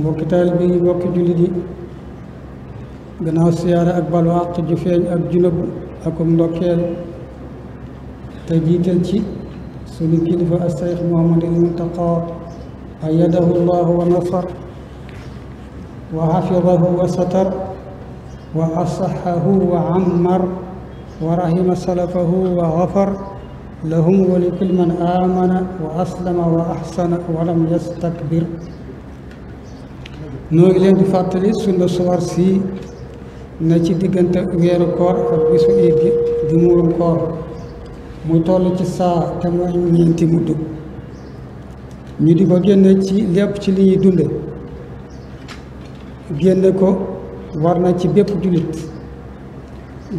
mbokki taalibe yi mbokki jullit yi gannaaw siyaara ak balwaaq ju feeñ ak junub akum ndokkeel te jiital ci sunu kilifa ak Seex Muhammadul Muntaqa ayyadahu llahu wa nasar wa xafidahu wa satar wa asaxahu wa ammar wa rahima salafahu wa xafar lahum wa li man aamana wa aslama wa axsana wa lam yastakbir noo ngi leen di fàttali sunna sawar si na ci diggante weeru koor ak bisu iid gi di muurum koor mu toll ci saa te mooy ñeenti mudd ñu di ko génne ci lépp ci li ñuy dunde génne ko war na ci bépp jullit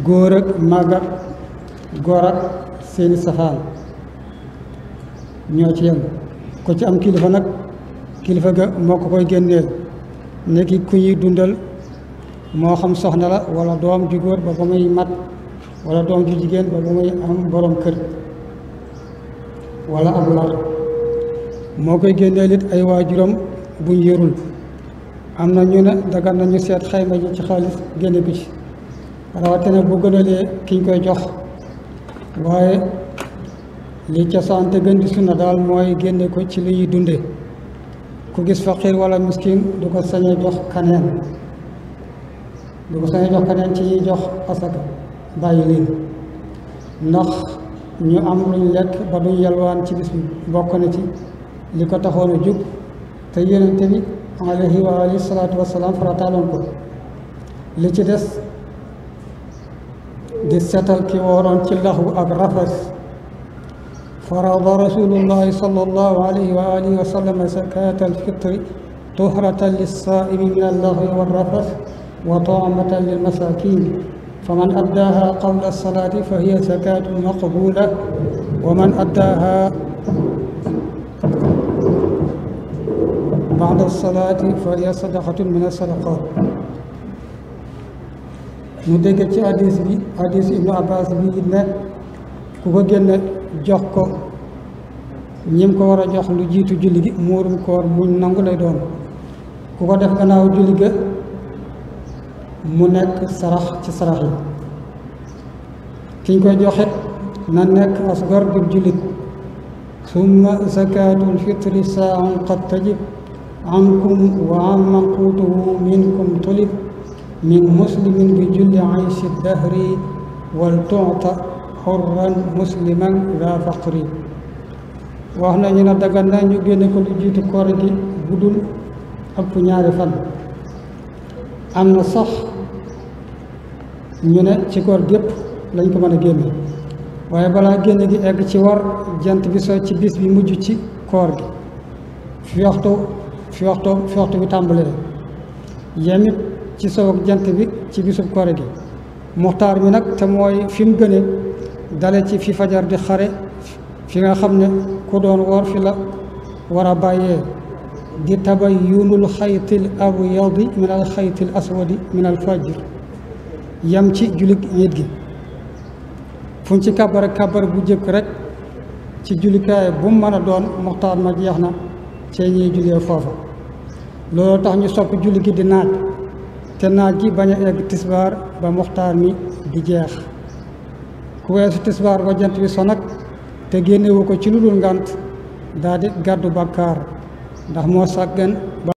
góor ak màggat góor ak seeni safaan ñoo ci yem ko ci am kilifa nag kilifa ga moo ko koy génneel ni ku ñuy dundal moo xam soxna la wala doom ju góor ba ba muy mat wala doom ju jigéen ba ba muy am borom kër walla ab lar moo koy génneel it ay waajuram buñ yërul am na ñu ne dagan nañu seet xayma ji ci xaalis génne bi ci rawatina bu gënalee kiñ koy jox waaye li cosaan te gën di sunna daal mooy génne ko ci li dunde ku gis faqir wala miskin du ko sañ a jox kaneen du ko sañ jox kaneen ci ñuy jox asaka bàyyi leen ndax ñu am luñ lekk ba duñ yalwaan ci bis bi na ci li ko taxoon jub te yonente bi alayhi wa alihi wasalaam farataaloon ko li ci des di seetal ki wooroon ci laxu ak rafas فرض رسول الله صلى الله عليه وآله وسلم زكاة الفطر طهرة للصائم من اللغو والرفث وطعمة للمساكين فمن أداها قبل الصلاة فهي زكاة مقبولة ومن أداها بعد الصلاة فهي صدقة من الصدقات ñu dégg ci hadis bi hadis Ibnu Abbas bi ne ku ko génne jox ko ñim ko war a jox lu jiitu julli gi muurum koor buñ nangu lay doon ku ko def gannaaw julli ga mu nekk sarax ci sarax yi kiñ koy joxe na nekk as gor bu jullit summa zakaatul fitri saaun qad tajib ankum wa amman quutuhu minkum tulib min muslimin bi julli ayshi dahri wal tuuta xurran musliman la faqri wax nañu ne dagan na ñu génne ko lu jiitu koor gi bu dul ëpp ñaari fan am na sax ñu ne ci koor gépp lañ ko mën a génne waaye balaa génn gi egg ci war jant bi so ci bis bi mujj ci koor gi fi waxtu fi waxtu fi waxtu bi tàmbalee yemit ci sow jant bi ci bisub koor gi muxtaar mi nag te mooy fi gënee dale ci fi fajar di xare fi nga xam ne ku doon woor fi la war a bàyyee di tabayyunul xaytil abyadi min al xaytil aswadi min fajir yam ci julik nit gi fuñ ci kàbbara kàbbara bu jëkk rek ci julikaay bu mu mën doon muxtaar ma jeex na cee ñuy julee foofa loolu tax ñu sopp julli gi di naaj te naaj gi bañ a egg tisbaar ba muxtaar mi di jeex ku weesu tisbaar ba jant bi so nag te génnewu ko ci lu dul ngànt daa di gàddu bàkkaar ndax moo sàggan